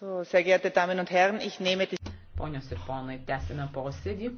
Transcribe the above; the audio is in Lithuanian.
So, sehr geehrte Damen und Herren, ich nehme die. Ponios ir ponai, tęsime posėdį.